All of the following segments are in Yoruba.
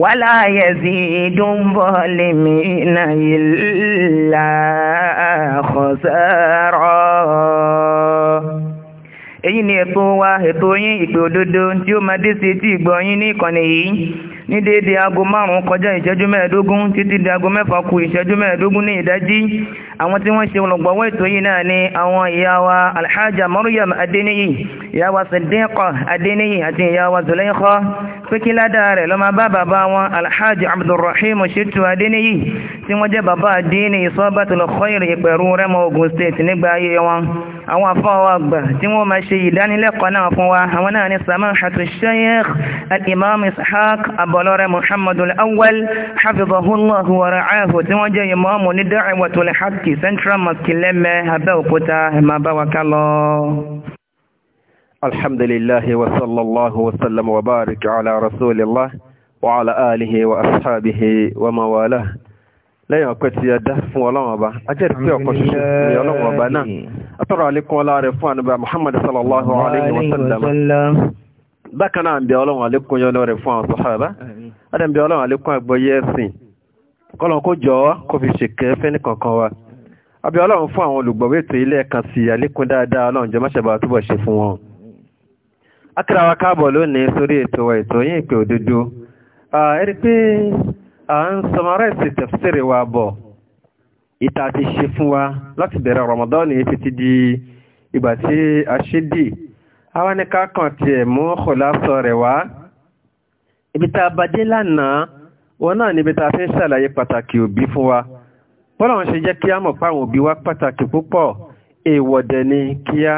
wàlá yẹ̀sí ìdúnbọ̀ lèmi náà ìlà àkọsẹ́rọ̀. èyí ni ètò wa ètò yín ìpè òdodo tí ó máa dé sí etí ìgbọ́ yín ní ìkànnì yìí ní déédéé aago márùn-ún kọjá ìṣẹ́jú mẹ́ẹ̀ẹ́dógún títí di aago mẹ́fà kù ìṣẹ́jú mẹ́ẹ̀ẹ́dógún ní ìdájí àwọn tí wọ́n ṣe olùgbọ̀wọ́ ètò yìí náà ni àwọn ìyá wa alhaja maryam adeniyi ìyá wa sadiqa adeniyi àti ìyá wa zulaikha pé kí ládàá rẹ̀ lọ́mọ bá bàbá wọn alhaji abdulrahim shitu adeniyi tí wọ́n jẹ́ bàbá adini ìsọ́bàtìlọ́kọ́ ìrìn ìpẹ̀rú rẹ́mọ ogun state nígbà ayé wọn àwọn àfáwà àgbà tí wọ́n máa ṣe ìdánilẹ́kọ̀ọ́ náà fún wa àwọn náà ni samahatu sheikh al-imam ishaq abọlọ́rẹ muhammadul awwal hafizahullahu wa ra'ahu tí wọ́n jẹ́ imamu ní da'watul haqqi central mosque lẹ́mẹ́ abẹ́òkúta ìmàbáwakálọ́ alhamdulillah wa sallallahu wa sallam wa lẹ́yìn ọpẹ́ ti ẹ̀dá fún ọlọ́run ọba ajẹ́rìí pé ọkọ̀ ṣoṣo ní ọlọ́run ọba náà atọ́rọ̀ àlékún ọlá rẹ̀ fún ànúbà muhammad sallallahu alayhi wa sallam bákan náà ń ọlọ́run àlékún yọ́nà rẹ̀ fún ọlọ́run fún àwọn ilé ẹ̀kan sí àlékún dáadáa ọlọ́run túbọ̀ ṣe fún wọn káàbọ̀ wa a ń samarẹ́sì tafsiri wa bọ̀ ìta ti ṣe fún wa láti bẹ̀rẹ̀ Ramadan ní títí di ìgbà tí a ṣe dì àwa ní ká kàn tiẹ̀ mú kòlásọ rẹ̀ wá ibi tá a bàdé lánàá wọn náà níbi tá a fi ń ṣàlàyé pàtàkì òbí fún wa bọ́lá wọn ṣe jẹ́ kí a mọ̀ páwọn òbí wa pàtàkì púpọ̀ èèwọ̀dẹ̀ ni kí a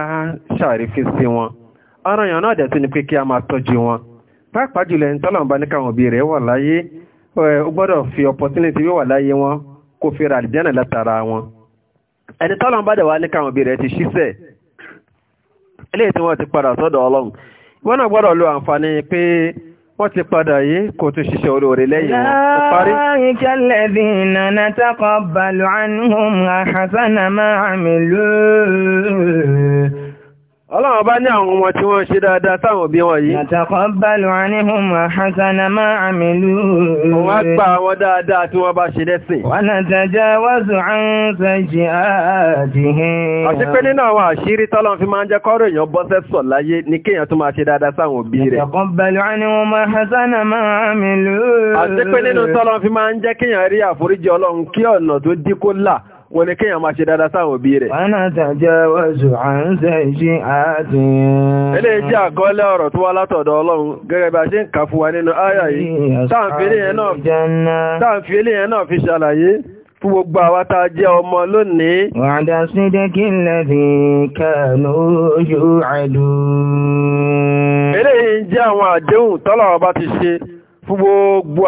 ṣàrífín sí wọn ọ̀ranyàn náà dẹ̀ tún ni pé kí a máa tọ́jú wọn pàápàá jùlọ ẹni tọ́lọ́mùbá ní káwọn òbí rẹ̀ wà láyé ó gbọ́dọ̀ fi opportunity wíwà láyé wọn kó fi ra àlìjánà látara wọn ẹni tọ́lọ̀ bá dẹ̀ wá ní káwọn òbí rẹ̀ ti ṣíṣẹ́ eléyìí tí wọ́n ti padà sọ́dọ̀ ọlọ́run wọ́n náà gbọ́dọ̀ lo àǹfààní pé wọ́n ti padà yìí kò tún ṣiṣẹ́ olóore lẹ́yìn wọn parí. láàrínkẹ́ lẹ́bí ìnànà taqabbalu anhum ahsana Ọlọ́run bá ní àwọn ọmọ tí wọ́n ṣe dáadáa táwọn òbí wọn yìí. Yataqabbalu anhum ahsana ma amilu. Wọ́n gbà àwọn dáadáa tí wọ́n bá ṣe lẹ́sìn. Wa natajawazu an sayyi'atihim. Àṣé pé nínú àwọn àṣírí tọ́lọ́n fi máa ń jẹ́ kọ́rọ̀ èèyàn bọ́ sẹ́sọ̀ láyé ní kéèyàn tún wọn ni kíyàn máa ṣe dada sáwọn òbí rẹ̀. wọn náà tàjẹ́ wọ́sù à ń ṣe iṣẹ́ àti. ilé jẹ́ àkọọ́lẹ̀ ọ̀rọ̀ tó wá látọ̀dọ̀ ọlọ́run gẹ́gẹ́ bí a ṣe ń wa nínú àyà yìí táàfilé yẹn náà fi ṣàlàyé fún gbogbo jẹ́ ọmọ lónìí. lẹ́bí kẹ́lú ojú jẹ́ àwọn àdéhùn bá ti ṣe fún gbogbo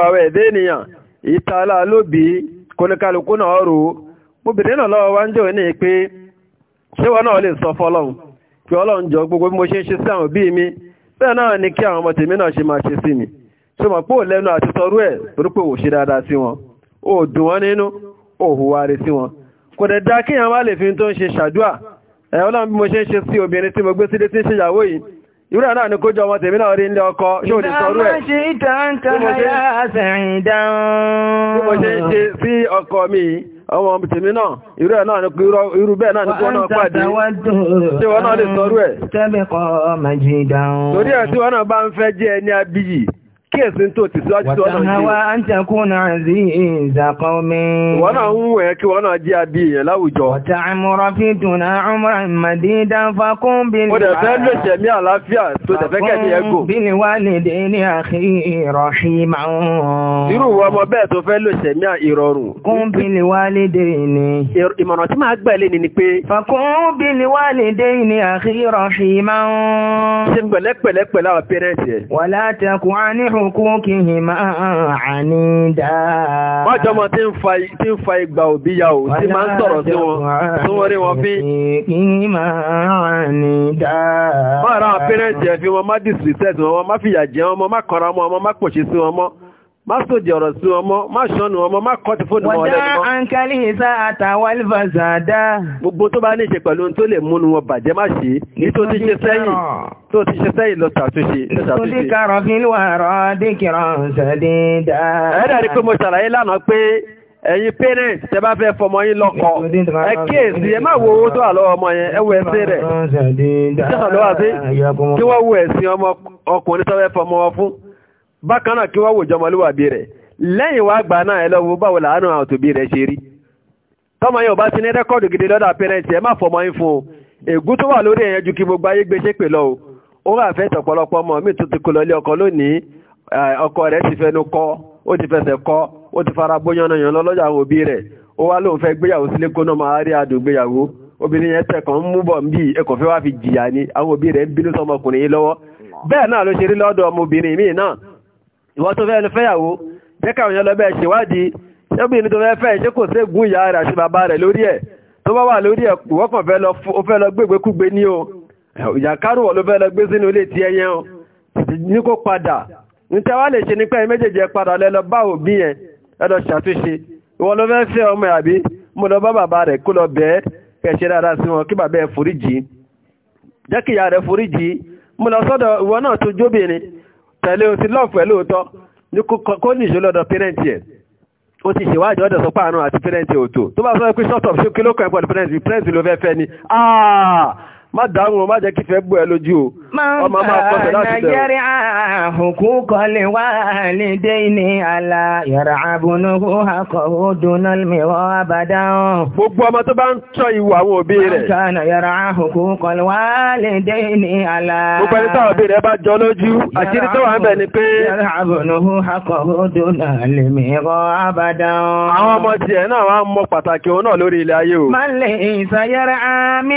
àwọn mo bèrè náà lọ́wọ́ wá ń jẹ́ òní pé ṣé sọ fọ́lọ́hun kí ọlọ́run jọ gbogbo mo ṣe ń ṣe sí àwọn mi bẹ́ẹ̀ náà ni kí àwọn ọmọ tèmi náà ṣe máa ṣe sí mi ṣe mọ̀ pé ò lẹ́nu àti sọrú ẹ̀ torí pé ò ṣe dáadáa sí wọn ò dùn wọn nínú ò hùwà wọn kò dẹ̀ dá kí àwọn fi tó ń ṣe ṣàdúà ẹ̀ ọlọ́run bí mo ṣe mo gbé sílé tí ń ṣèyàwó yìí ni kó ọmọ tèmi náà rí ọkọ ṣé ò sọrú ẹ̀ bí ọmọ ọmọ tèmi náà irú ẹ̀ náà irú bẹ́ẹ̀ náà ní náà pàdé tí wọ́n náà lè ẹ̀ torí ẹ̀ tí wọ́n náà bá kí ẹ̀sìn tó ti síwájú tó ọ̀nà ìṣe. wàtàwà ń tẹ̀kún náà sí ìzàkọ́ mi. wọ́n náà ń wẹ̀ kí wọ́n náà jẹ́ àbí èèyàn láwùjọ. wàtà àmúrà fi dùnà ọmọ ìmọ̀dé dáfà kún bí ní. ó fẹ́ lè ṣẹ̀mí ni wà lè dé ní àkí ìrọ̀ṣì máa ń. irú ọmọ bẹ́ẹ̀ tó fẹ́ lè ni wà ركوكهما عنيدا wájọ́ mọ́ tí ń ya tí ma ń tọrọ sí wọn tó wọ́n rí wọn fi máa ra àwọn pẹ́rẹ́ǹtì wọn má dìsìtẹ́ẹ̀tì wọn má fìyà jẹ wọn má kọra wọn má sí wọn mọ́ má sòdì ọ̀rọ̀ sí ọmọ má ṣọ́nù ọmọ má kọ́ ti fóònù mọ́ ọlẹ́nu mọ́. wọ́n dá ankali isa àtàwọn alifasa dá. gbogbo tó bá ní ṣe pẹ̀lú tó lè múnu wọn bàjẹ́ má ṣe ní tó ti ṣe sẹ́yìn tó ti ṣe sẹ́yìn lọ ṣàtúnṣe. ìsòdì karọ̀ fi ń wà rọ̀ dìkìrọ̀ ṣàdé dá. ẹ dàrí pé mo ṣàlàyé lánàá pé ẹ̀yin parents tẹ bá fẹ́ fọmọ yín lọ́kọ ẹ kíyèsí ẹ má wo owó tó wà lọ́wọ́ ọmọ yẹn ẹ wo ẹsẹ̀ rẹ̀ kí wọ́n wo ẹ̀sìn ọmọ ọkùnrin tó fẹ́ fọmọ wọn fún. bákan náà kí wọ́n wò jọmọlúwàbí rẹ̀ lẹ́yìn wá gbà náà ẹ lọ́wọ́ báwo làánú àwọn òtòbí rẹ̀ ṣe rí tọ́mọ yẹn bá ti ní rẹ́kọ́ọ̀dù gidi lọ́dọ̀ apẹ́rẹ́ǹtì ẹ má fọmọ yín fún o ègún tó wà lórí ẹ̀yẹn ju kí gbogbo ayé lọ o ó wà fẹ́ tọ̀pọ̀lọpọ̀ ọkọ lónìí ọkọ rẹ̀ ti fẹnu kọ ó ti kọ ó fara ìwọ́n tó fẹ́ lọ fẹ́yàwó jẹ́ káwọn yẹn lọ bẹ́ẹ̀ ṣèwádìí ṣẹ́bìnrin tó fẹ́ fẹ́ ṣé kò ségun ìyá rẹ̀ àti bàbá rẹ̀ lórí ẹ̀ tó bá wà lórí ẹ̀ ìwọ́kàn fẹ́ lọ ó fẹ́ lọ gbégbé kúgbé ní o ìyàkárùwọ̀ ló fẹ́ lọ gbé sínú ilé ti ẹyẹ o ní kó padà ní tẹ́wà lè ṣe nípa méjèèjì padà lẹ́lọ bá òbí yẹn ẹlọ ṣàtúnṣe ìwọ ló fẹ́ fẹ́ mo lọ sọ́dọ̀ ìwọ náà tó jóbìnrin tẹ̀lé o ti lọ́ọ̀ pẹ̀lú òótọ́ ní kó ní ìṣó lọ́dọ̀ pẹ́rẹ́ǹtì ẹ̀ ó ti ṣèwádìí ọ̀dọ̀ sọ páànù àti pẹ́rẹ́ǹtì òótọ́ tó bá sọ pé short of ṣókè ló kàn pẹ̀lú pẹ́rẹ́ǹtì pẹ́rẹ́ǹtì ló fẹ́ fẹ́ ni ah! má dáhùn má jẹ́ kífẹ́ bú ẹ lójú o ọmọ máa kọsẹ̀ láti tẹ̀ nàìjíríà àhùkú kọlẹ̀ wá lédè ní àlà yàrá àbúnúkú akọ̀wò dúnàl àbádá ọ̀. gbogbo ọmọ tó bá ń tọ́ ìwà àwọn òbí rẹ̀. àwọn ọmọ tiẹ̀ náà wá mọ pàtàkì òun náà lórí ilẹ̀ ayé o. má lè ìsayẹ̀rẹ̀ àmì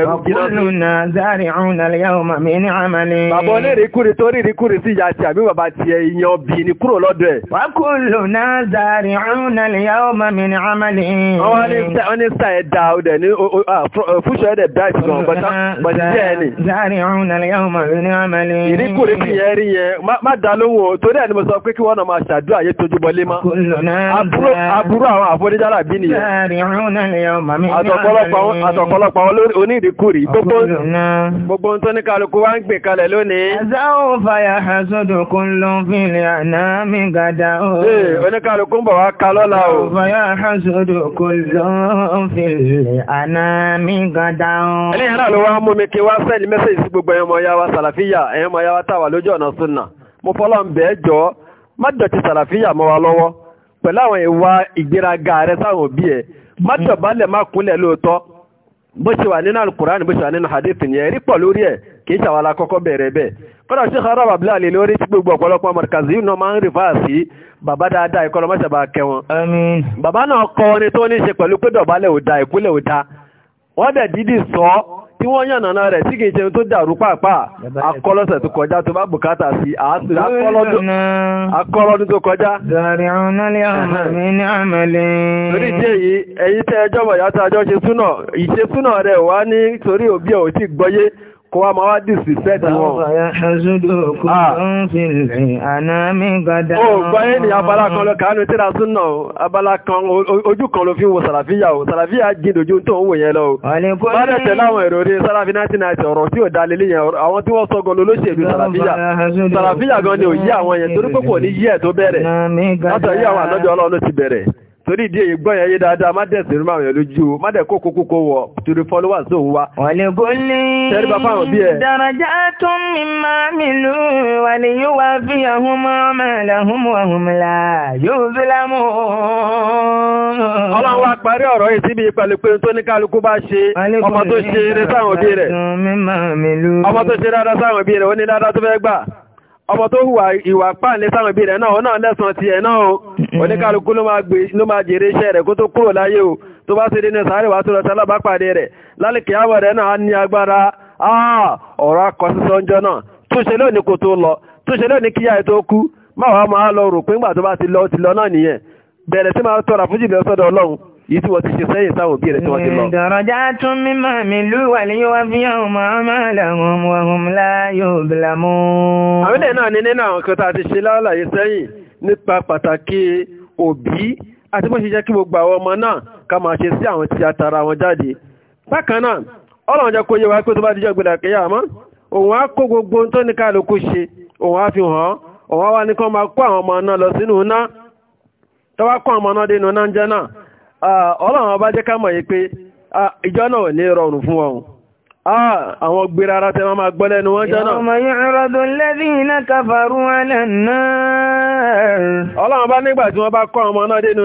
ẹ̀rú gíná. ọ̀pọ̀lùnà zárì ọ̀nà yàwùmọ̀ mi ní àmàlì. bàbá onírìkúrì tó rírìkúrì sí ìyá àti àbí bàbá ti ẹ̀yìn ọbì ní kúrò lọ́dọ̀ ẹ̀. wàkùlùnà zárì ọ̀nà yàwùmọ̀ mi ní àmàlì. wọ́n ní sá ẹ̀ dá ọdẹ ní fúnṣọ ẹ̀dẹ̀ bẹ́ẹ̀ gan bọ̀tí jẹ́ ẹ̀ ni. zárì ọ̀nà yàwùmọ̀ mi ní àmàlì. ìrìkúrì ti yẹn rí yẹn má dá lóhùn o torí ẹ̀ ni mo sọ pé kí wọ́n náà máa ṣàdúrà yé tójú bọlé mọ́. àbúrò àwọn àforíjálà bí nìyẹn. àtọ̀pọ̀lọpọ̀ onídìí ìrìkúrì gbogbo tó ní kálukú wá ń gbè kalẹ̀ lónìí. Àzáwò fàyà àsọ́dò kún ló ń fìlẹ̀ àná mi gàdá o. Ee, oníkálukú ń bọ̀ wá ka lọ́la o. Fàyà àsọ́dò kún ló ń àná mi gàdá o. Ẹlẹ́yìn náà ló wá mú mi kí wá sẹ́ni mẹ́sẹ̀jì sí gbogbo ẹ̀yọ́mọ̀ ya wa Sàlàfíyà, ẹ̀yọ́mọ̀ ya wa táwà lójú ọ̀nà Súnà. Mo fọ́lọ́ ń bẹ́ẹ̀ jọ, má dọ̀tí Sàlàfíyà mọ́ wa lọ́wọ́ pẹ̀lú àwọn ìwà ìgbéraga rẹ sáwọn òbí ẹ̀ má dọ̀bálẹ̀ má kúnlẹ̀ lóòótọ́ bó ṣe wà nínú alkùránì bó ṣe wà nínú hadith ní ẹ̀rí pọ̀ lórí ẹ̀ kìí ṣàwàlá kọ́kọ́ bẹ̀rẹ̀ bẹ́ẹ̀ kọ́dà sí ọ̀rọ̀ bàbá lè lórí tí gbogbo ọ̀pọ̀lọpọ̀ mọ̀rìkàzí náà máa ń rí fà sí bàbá dáadáa ìkọlọ mọ́ṣẹ̀ bá kẹwọn bàbá náà kọ́ ni tó ní ṣe pẹ̀lú pé dọ̀bálẹ̀ ò da ìkúlẹ̀ ò da wọ́n dẹ̀ dídì tí wọ́n yàn nàná rẹ̀ tí í ṣe tó dàrú pàápàá akọ́lọ́sẹ̀ tó kọjá tó bá bùkátà sí akọlọ́dún tó kọjá. tí èyí ẹ̀yí tẹ́ ẹjọ́ bọ̀ yàtọ̀ ṣe súnà ìṣesúnà rẹ̀ wá ní torí òbí ẹ̀ kó wá máa wá dìsì fẹ́ẹ̀tì wọn. Bàbá ṣàṣúdò kú ah. ń fi lè àná mi gada. Ó gbọ́ yé ni abala kan lọ kàánú tíra súnà abala kan ojú kan ló fi wo Sàlàfíà o. Sàlàfíà jìn lójú tó ń wò yẹn lọ o. Bá dẹ̀ tẹ̀lé àwọn èrò rí Sàlàfí 1990 ọ̀rọ̀ tí ò da lélẹ̀ yẹn àwọn tí wọ́n sọ gan lólóṣèlú Sàlàfíà. Sàlàfíà gan ni ò yí àwọn yẹn torí pé kò ní yí ẹ̀ tó bẹ̀rẹ̀. Látọ̀ yí àwọn àlọ́jọ́ ọlọ́run ti bẹ̀rẹ̀ torí ìdí èyí gbọ́n yẹn dáadáa má dẹ̀ sínú àwọn èèyàn má dẹ̀ kó kókó kó wọ̀ torí followers tó ń wá. ọ̀lẹ́gọ́lẹ́ tẹ́lifà fáwọn bí ẹ. mi máa mi lù wà ní yóò wá fi àhún ọmọ ẹ̀lẹ́hún mọ́ ọ̀hún yóò fi lámú. ọlọ́run wa parí ọ̀rọ̀ yìí síbi ìpàlẹ̀ tó ní kálukú bá ṣe ọmọ tó ṣe eré sáwọn òbí rẹ̀ ọmọ tó ṣe dáadáa sáwọn òbí rẹ̀ ó ní dáadáa tó fẹ́ gbà ọmọ tó hùwà ìwà páàlẹ̀ sáwọn ibi rẹ̀ náà náà lẹ́sàn ti ẹ̀ náà oníkàlùkù ló máa jèrè iṣẹ́ rẹ̀ kó tó kúrò láyé o tó bá ṣe dé ní sàárè wà tó lọ sálábà pàdé rẹ̀ lálẹ́kẹ̀ àwọ̀ rẹ̀ náà ní agbára ọ̀rọ̀ akọ sísọ́njọ́ náà túnṣe lónìí yìí tí wọ́n ti ṣe sẹ́yìn sáwọn òbí rẹ̀ tí wọ́n ti lọ. ìdọ̀rọ̀já tún mímọ̀ mi lú wà ní wọ́n fi hàn mọ́ ọmọ làwọn ohun láyò bìlámú. àwọn ilé náà ní nínú àwọn kan tá a ti ṣe lálàyé sẹ́yìn nípa pàtàkì òbí àti bó ṣe jẹ́ kí gbogbo àwọn ọmọ náà ká máa ṣe sí àwọn tí a tara wọn jáde. bákan náà ọlọ́run jẹ́ kó yé wa pé tó bá dijọ́ gbẹ̀dà kẹ́yà Ah, ọlọ́run ọba jẹ́ ká mọ̀ yí pé ah, ìjọ náà ní rọrùn fún wọn ah, àwọn gbèrè ara tẹ́ máa gbọ́ lẹ́nu wọ́n jọ́nà ọmọ ọlọ́run ọba nígbà tí wọ́n bá kọ́ ọmọ náà dénú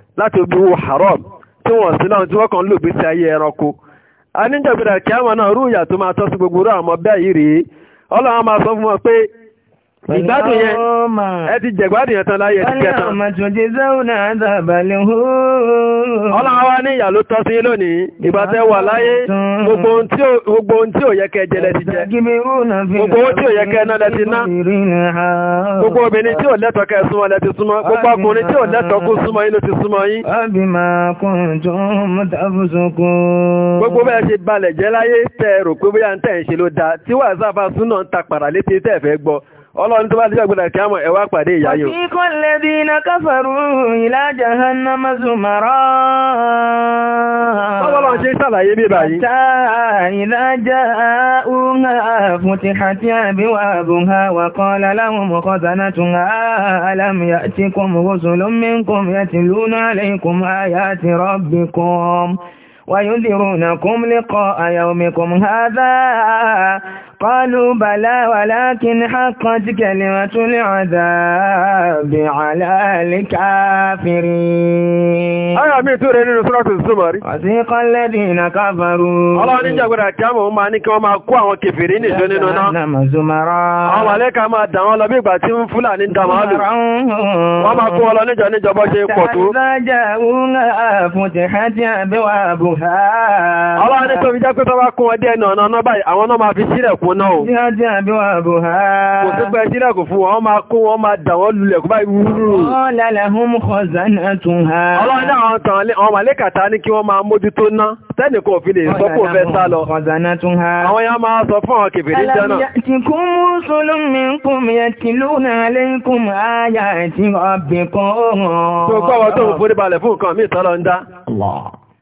láti obi wo haram tí wọ́n sí láwọn tí wọ́n kàn lò gbé sí ayé ẹranko a níjọ̀gbẹ̀dà kí àwọn náà rú ìyà tó máa tọ́ sí gbogbo rú àwọn ọmọ bẹ́ẹ̀ yìí rèé ọlọ́run máa sọ fún wọn pé Ìgbádùn yẹn, ẹ ti jẹ̀gbádùn yẹn tán láyé ẹ̀ ti kẹta. Ọlọ́run máa tún jẹ zẹ́hùn náà dàbàlẹ̀ hóòó. Ọlọ́run wá ní ìyà ló tọ́ sí lónìí, ìgbà tẹ́ wà láyé, gbogbo ohun tí ò yẹ kẹ́ jẹ lẹ ti jẹ. Gbogbo ohun tí ò yẹ kẹ́ ná lẹ ti ná. Gbogbo obìnrin tí ò lẹ́tọ̀ọ́ kẹ́ súnmọ́ lẹ ọlọ́run tó bá ti ṣàgbọ́dà kí á mọ̀ ẹwà pàdé ìyá yóò. wàbí kún lẹ́bí iná káfàrú ìlà jahannama zumara. ọlọ́run ṣe ṣàlàyé bí báyìí. ta ìlà já uha fúti àti wà kan ha alámìyà tí قالوا بلى ولكن حقت كلمة العذاب على الكافرين آية ميتورة نínú سورة الزمر وثيق الذين كفروا الله نجا قد أكاموا ما نكوا ما كوا وكفرين جنيننا نعم زمرا àwọn alẹ́ka máa dà wọn lọ bí ìgbà tí ń Fúlàní dà máa lù wọ́n máa kó ọlọ níjọ níjọ bọ́ ṣe pọ̀ tó ọlọ́rin tó fi jẹ́ pé tọ́wọ́ kún ọdí ẹ̀nà ọ̀nà báyìí àwọn náà máa fi sílẹ̀kùn múná o. Ní ajé àbí wà bò ha. Kò sí pẹ́ sílẹ̀ kò fún wọn, máa kó wọn máa dà wọ́n lulẹ̀ kó bá ìwúrú. Wọ́n lálẹ́ fún mọ́kọ̀ zánà tún ha. Ọlọ́run náà wọ́n tàn án, àwọn màlẹ́kàtà ní kí wọ́n máa mójútó ná. Tẹ́nì kò fi lè sọ kò fẹ́ sá lọ. Àwọn ya máa sọ fún àwọn kèfèrè jẹ́nà. Tìkú mú Solomí kùm yẹ ti lónà lẹ́kùm ayà ti ọ̀bì kan ó hàn. Tó kọ́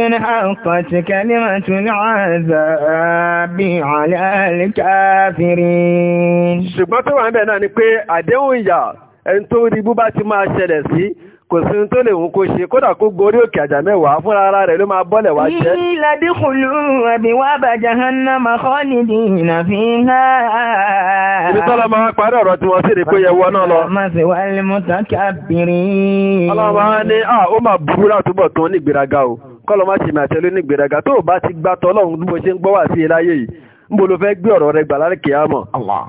حقت كلمة العذاب على الكافرين ṣùgbọ́n tó wà ń bẹ̀ náà ni pé àdéhùn ìyà ẹni kò sí tó lè wùn kó ṣe kódà kó gorí òkè àjà mẹ́wàá fúnra ara rẹ̀ ló máa bọ́lẹ̀ wá jẹ́. ilẹ̀ dínkùlù ẹ̀bí wá bá jahannama khalidina fiha. ibi tọ́lá máa parí ọ̀rọ̀ tí wọ́n sì rí pé yẹ wọ́n náà lọ. ọlọ́run á ó máa burú látúbọ̀ tó ní ìgbéraga o. kọ́lọ́ má ṣe màtẹ́lú ní gbèdàgà tó o bá ti gbà tọ́lọ́run bó ṣe ń gbọ́ sí i yìí ń bo ló fẹ́ gbé ọ̀rọ̀ rẹ gbà lálẹ́ kìámọ̀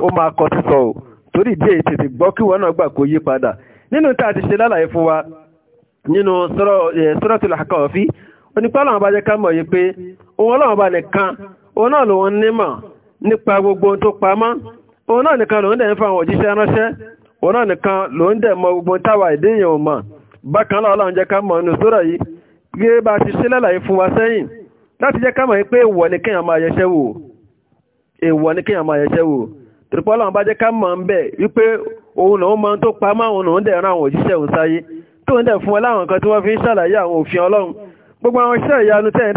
ó máa kọ sọ o torí díẹ̀ tètè gbọ́ kí náà gbà kó yí padà nínú tá a ti ṣe lálàyé fún wa nínú onípa bá jẹ́ ká mọ̀ pé òun ọlọ́run bá nìkan òun náà lòun nímọ̀ nípa gbogbo tó pamọ́ òun náà nìkan lòun dẹ̀ ń fa àwọn òjíṣẹ́ ránṣẹ́ òun náà nìkan lòun dẹ̀ mọ gbogbo táwa ìdíyàn gẹ́gẹ́ bá ti ṣe lálàyé fún wa sẹ́yìn láti jẹ́ kámọ̀ pé èèwọ̀ ni kéèyàn máa yẹṣẹ́ wò èèwọ̀ ni kéèyàn máa yẹṣẹ́ wò tìrìpọ́lá wọn bá jẹ́ kámọ̀ ń bẹ̀ wípé òun náà máa tó pa máa òun náà dẹ̀ ran àwọn òjíṣẹ́ òun sáyé tó ń dẹ̀ fún wọn láwọn nǹkan tí wọ́n fi ń ṣàlàyé àwọn òfin ọlọ́run gbogbo àwọn iṣẹ́ ìyanu tẹ́yìn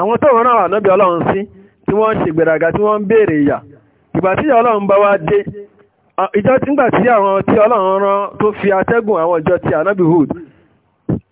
àwọn tó wọ́n náà nábi ọlọ́run sí tí wọ́n ń ṣe gbèdàgà tí wọ́n ń béèrè ìyà ìgbà tí ọlọ́run bá wá dé ìjọ tí ń gbà tí àwọn tí ọlọ́run rán tó fi atẹ́gùn àwọn ìjọ ti ànábì Hud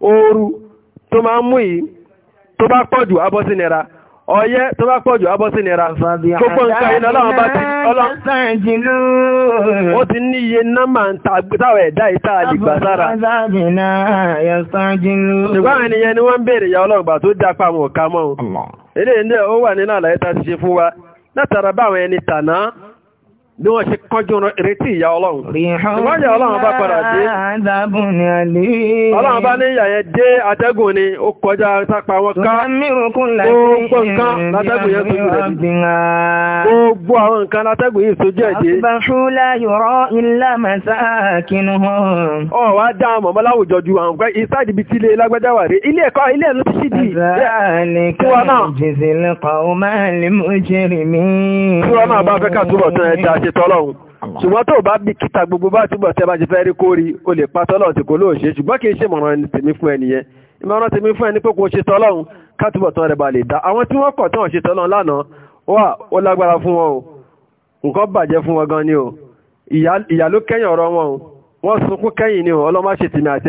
oru! tó máa ń mú yìí tó bá pọ̀jù abọ́ sí nira ọyẹ́ tó bá pọ̀jù abọ́ sí nira gbogbo nǹkan iná bá ti ọlọ́run ó ti ní iye nọ́mà ń ẹ̀dá ìta ni wọ́n ya tó jápa àwọn ta bí wọ́n ṣe kọjú retí ìyá ọlọ́run. ìwọ́nyà ọlọ́run bá padà dé. ọlọ́run bá ní ìyà yẹn dé atẹ́gùn ni ó kọjá sápa wọn ká. gbogbo nǹkan látẹ́gùn yẹn sojú rẹ̀ dé. gbogbo àwọn nǹkan látẹ́gùn yìí sojú ẹ̀ dé. àbúbáṣúlá yọ̀rọ̀ ilá màsá kinu hàn. ọ wá dá àwọn mọ̀mọ́ láwùjọ ju àwọn nǹkan ìsáàdì ibi tílé lágbájá wà rí ilé ẹ̀kọ́ ilé ẹ̀lú ti ṣídì. ìwọ náà bá fẹ́ ká túbọ̀ tán ẹ ṣe tọ́lọ́hun ṣùgbọ́n tó bá bí kíta gbogbo bá túbọ̀ tẹ́ bá ṣe fẹ́ rí kórí o lè pa tọ́lọ́hun tí kò lóò ṣe ṣùgbọ́n kì í ṣe ìmọ̀ràn tèmi fún ẹnìyẹn ìmọ̀ràn tèmi fún ẹni pé kò ṣe tọ́lọ́hun kátúbọ̀ tán rẹ̀ bá lè dá àwọn tí wọ́n kọ̀ tán ṣe tọ́lọ́hun lánàá wà ó lágbára fún wọn o nǹkan bàjẹ́ fún wọn gan ni o ìyà kẹ́yìn ọ̀rọ̀ wọn o wọ́n sunkún kẹ́yìn ni o ọlọ́mọ ṣètìmí àti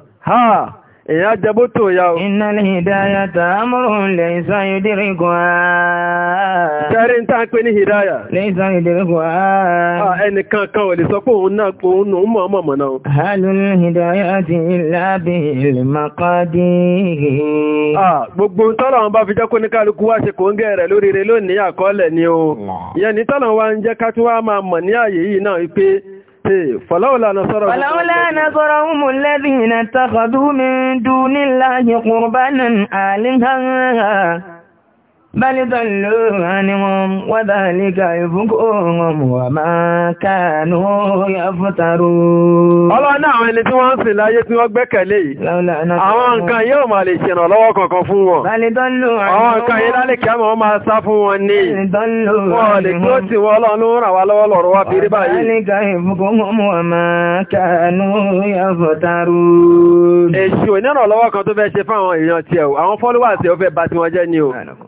ha èyàn jẹbó tó ya o. Innal hidayata amrun laysa yudrikuha. Kẹ́rí ń pé ní hìdáyà. Laysa yudrikuha. Ẹnìkan kan lè sọ pé òun náà nù mọ̀ náà. Gbogbo tọ́lọ̀ wọn bá fi jẹ́ kó ní kálukú wá ṣe kò ń gẹ̀rẹ̀ lórí rẹ̀ lónìí àkọọ́lẹ̀ ni o. Yẹn mọ̀ فلولا نصرهم فلولا نصرهم الذين اتخذوا من دون الله قربانا آلهة بل ضلوا عنهم وذلك إفكهم وما كانوا يفترون Ọlọ́run náà àwọn ẹni tí wọ́n ń sìn láyé tí wọ́n gbẹ́kẹ̀lé yìí, àwọn nǹkan yóò máa lè ṣe ìrànlọ́wọ́ kankan fún wọn. Àwọn nǹkan yìí lálẹ́ kí a máa máa sá fún wọn ní. Wọ́n lè kí ó ti wọ́n lọ́nà ràn wá lọ́wọ́ lọ́rọ̀ Èṣù onírànlọ́wọ́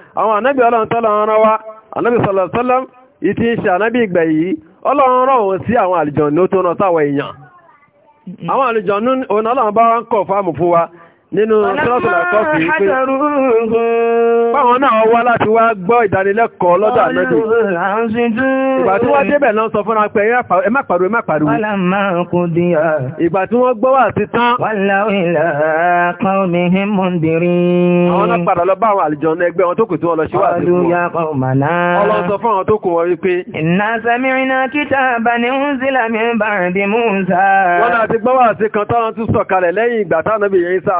àwọn ànábì ọlọ́run tọ́lọ ọ̀rọ̀ wa ànábì sọ̀lọ̀sọ́lọ́m ìtí ṣe ànábì yìí ọlọ́run rọ̀ sí àwọn tó mm-hmm. àwọn nínú sọ́tọ̀lá sọ́fì pé báwọn náà wá láti wá gbọ́ ìdánilẹ́kọ̀ọ́ lọ́dọ̀ ànájò ìgbà tí wọ́n débẹ̀ náà sọ fúnra pé ẹ má pàdó ẹ má pàdó ìgbà tí wọ́n gbọ́ wà sí tán àwọn náà padà lọ bá àwọn àlùjọ náà ẹgbẹ́ wọn tó kù tí wọ́n lọ sí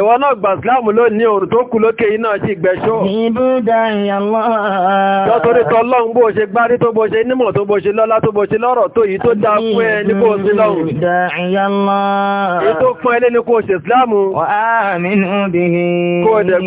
ìwọ náà gbà ìsìláàmù ló ní òrù tó kù lókè iná sí gbẹ̀ṣọ́ ìbúdá ìyàlọ́ lọ́torí tọ́lọ́run bó ṣe gbárí tó bó ṣe nímọ̀ tó bó ṣe lọ́lá tó bó ṣe lọ́rọ̀ tó yìí tó dá fún ẹ ní bó ṣe lọ́rùn èyí tó fún ẹlẹ́ni kó ṣe ìsìláàmù kó dẹ̀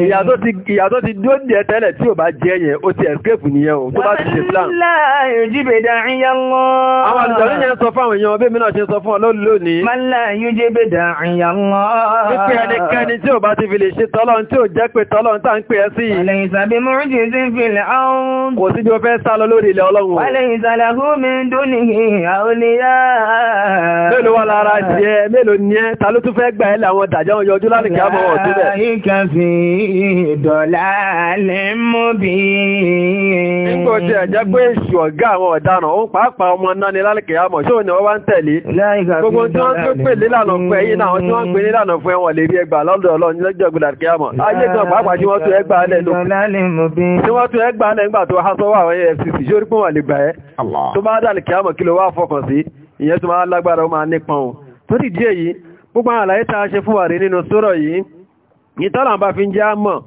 gbọ́lọ̀ ìyà tó ti dúó dẹ̀ tẹ́lẹ̀ tẹ́lẹ̀ tí ò bá jẹ́ yẹn ó ti escape nìyẹn o tó bá ti ṣe plan. mọ́lá yójúbe dàáyà lọ. àwọn àlùjọ́rí yẹn sọ fún àwọn èèyàn bí mi náà ṣe sọ fún ọ lónìí. mọ́lá yójúbe dàáyà lọ. wípé ẹnikẹ́ni tí ò bá ti fi lè ṣe tọ́lọ́n tí ò jẹ́ pé tọ́lọ́n tá ń pè ẹ́ sí. wàlẹ̀ ìsàbí mọ́rùjì sí fìlẹ̀ ọ̀hún. kò sí bí o fẹ́ sá lọ lórí ilẹ̀ ọlọ́run. wàlẹ̀ ìsàlàkú mi dúnìyí àwòlíyá. mélòó wà lára tiẹ̀ mélòó ni ẹ́ ta ló tún fẹ́ gbà ẹ́ làwọn dàjọ́ yọjú lálẹ́ kí á mọ̀ ọ́ síbẹ̀. láyé kan fi dọ̀là lẹ́ mú bí i. Nígbò tí ẹ̀jẹ́ pé èṣù ọ̀gá àwọn ọ̀daràn, ó pàápàá ọmọ náà ni lálẹ́kẹ̀ẹ́ àmọ̀ ṣó ni wọ́n wá ń tẹ̀lé. Gbogbo tí wọ́n tó pè nílànà fún ẹ̀yìn náà, tí wọ́n pè mm. nílànà fún ẹ̀wọ̀n lè rí ẹgbà lọ́dọ̀ Ọlọ́run lọ́jọ́ gbọdàkẹ́ kí àmọ̀ kí ló a ṣe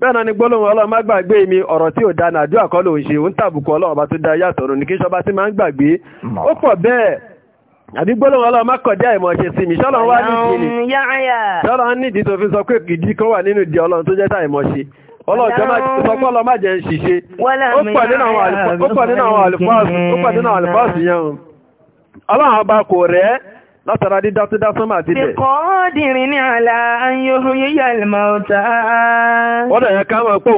bẹ́ẹ̀ náà ni gbólóhùn ọlọ́run má gbàgbé mi ọ̀rọ̀ tí ò dáa nàdú àkọlò ń ṣe òun tàbùkù ọlọ́run ọba tó dá yàtọ̀ ní kí ṣọba tí ń gbàgbé ó pọ̀ bẹ́ẹ̀ àbí gbólóhùn ọlọ́run má kọjá ìmọ̀ ṣe sí mi ṣọ́lọ́run wá ni ṣọ́lọ́run nídìí tó fi sọ pé ìdí wà nínú ìdí ọlọ́run látara dídá tó dá sánmà àti ilẹ̀. ní àlà ayóhun yíyà ìlmọ̀ ọ̀tá. Wọ́n dẹ̀ yẹn ká mọ̀ pé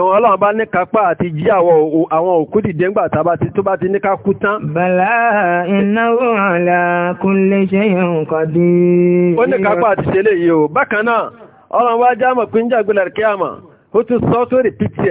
Ọlọ́run bá ní kápá àti jí àwọn òkú dìde ńgbà tó bá ti ní ká kú tán. Bàlá Ó ní kápá àti ṣe lè Bákan náà, Ọlọ́run wá já mọ̀ pé ń jàgbélẹ̀ sọ tó rìpítì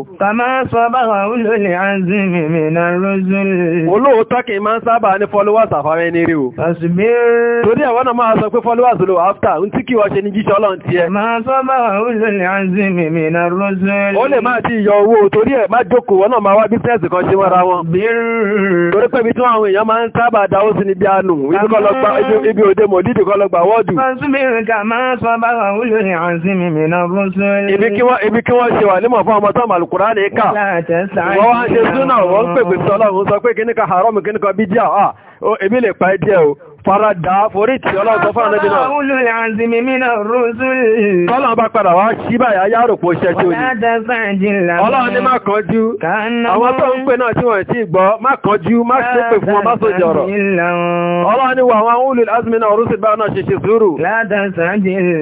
Kàmá sọ́bàrà olólè azimi mìnà rọ́zùlẹ̀. Olóòótọ́ kì máa ń sábà ní followers àfárẹ́ ní rí o. Fàṣùgbé. Torí àwọn náà máa sọ pé followers ló after, ń tí kí wọ́n ṣe ní jíṣọ́ lọ́n ti ẹ. Kàmá sọ́bàrà olólè azimi mìnà rọ́zùlẹ̀. Ó lè máa ti yọ owó torí ẹ̀ má jókòó wọn náà Kùránì kà wọ́n wá ń ṣe súnà wọ́n ń pèpè sọ́lọ́run sọ pé kíníkà haram kíníkà bídíà ah, èmi lè pa díẹ̀ o farada forítì ọlọ́run sọ fún ànábì náà. ulul azmi minar rusul. tọ́lọ́run bá padà wá sí báyà yárò kò ṣẹ́ tí ó ní. ọlọ́run ní àwọn tó ń pè náà tí wọ́n ti gbọ́ má kánjú má ṣépè fún wọn má sójà ọ̀rọ̀. ọlọ́run ní wà àwọn ulul azmi minar rusul báwọn náà ṣe ṣe sùúrù.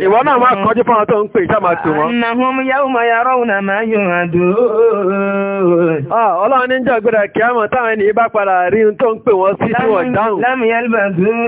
ìwọ náà má kánjú fún àwọn tó ń pè ìṣá máa tù wọn. ọlọ́run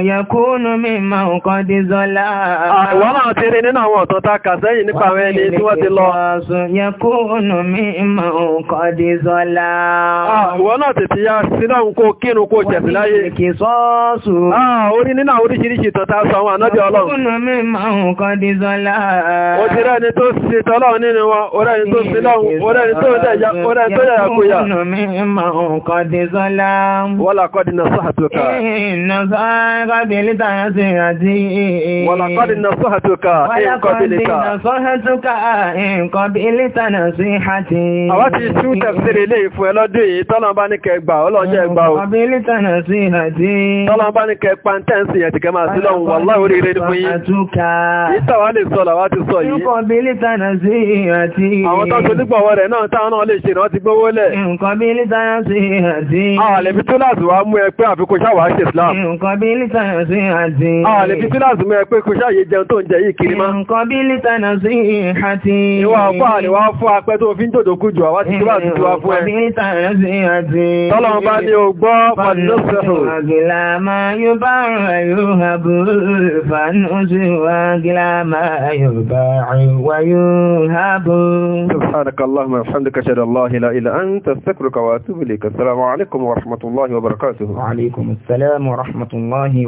yakunu mimma qad zala. Àwọn ah, náà ti rí nínú àwọn ọ̀tọ̀ ta kà sẹ́yìn nípa àwọn ẹni tí wọ́n ti lọ. Yakunu mimma qad zala. Àwọn ah, náà ti ti ya sínú kó kírun kó jẹ̀sì láyé. Kì sọ́ọ̀sù. Ah, orí nínú àwọn oríṣiríṣi tọ́ta sọ àwọn ànájọ́ ọlọ́run. Yakunu mimma qad zala. Ó ti rẹ́ni tó ṣe tọ́lọ́run nínú wọn, ó rẹ́ni tó ṣe قبلك نصيحتي ولقد نصحتك إن قبلت نصحتك إن قبلت نصيحتي àwọn ti tú tẹ̀sírí ilé ìfún ẹ lọ́dún yìí tọ́lọ́n bá ní kẹgbà ọlọ́jẹ́ ẹgbà o قبلت نصيحتي tọ́lọ́n bá ní kẹpa tẹ́ǹsì ẹ̀ tìkẹ́ máa sí lọ́hùn wàláhì oríire ní fún yín ìtàwà lè sọ làwá ti sọ yìí àwọn tọ́jú nígbàwọ́ rẹ̀ náà táwọn náà lè ṣe ìrántí ti gbówó lẹ̀. nǹkan bí lítà sí àti. àwọn àlẹ́bí tó láti wá mú ẹ pé àfikún ṣáwàá ṣe Islam. nǹkan bí tánà sí àti. Àwọn àlè fi kíláàsì mẹ́ pé kò ṣáàyè jẹun tó ń jẹ yìí kiri máa. Nǹkan bí lè tánà sí àti. Ìwà ọ̀pá àlè wá fún apẹ́ tó fi ń jòdò kújù àwá ti kíláà ti wá fún ẹ. Nǹkan bí lè tánà sí àti. Tọ́lọ́run bá ní o gbọ́ Fàdínọ́sẹ̀hù. Fàgìlà máa yóò bá àyò àbò Fàdínọ́sẹ̀hù Assalamu alaikum wa rahmatullahi wa barakatuhu. Wa alaikum assalam wa rahmatullahi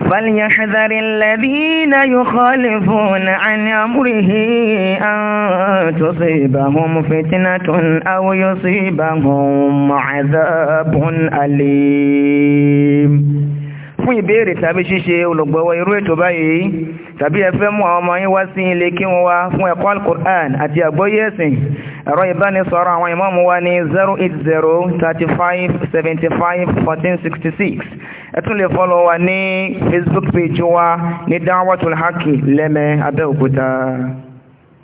فليحذر الذين يخالفون عن أمره أن تصيبهم فتنة أو يصيبهم عذاب أليم fún ìbéèrè tàbí ṣíṣe olùgbọ́wọ́ irú ètò báyìí tàbí ẹ mú àwọn ọmọ yín sí ilé kí wọ́n wá fún ẹ̀kọ́ al àti àgbọ́yé ẹ̀sìn ẹ̀rọ ìbánisọ̀rọ̀ àwọn ìmáàmù wa ní 08035751466 ẹ tún lè fọ́lọ̀ wa ní Facebook page wa ní Da'watul Haqq lẹ́mẹ́ Abẹ́òkúta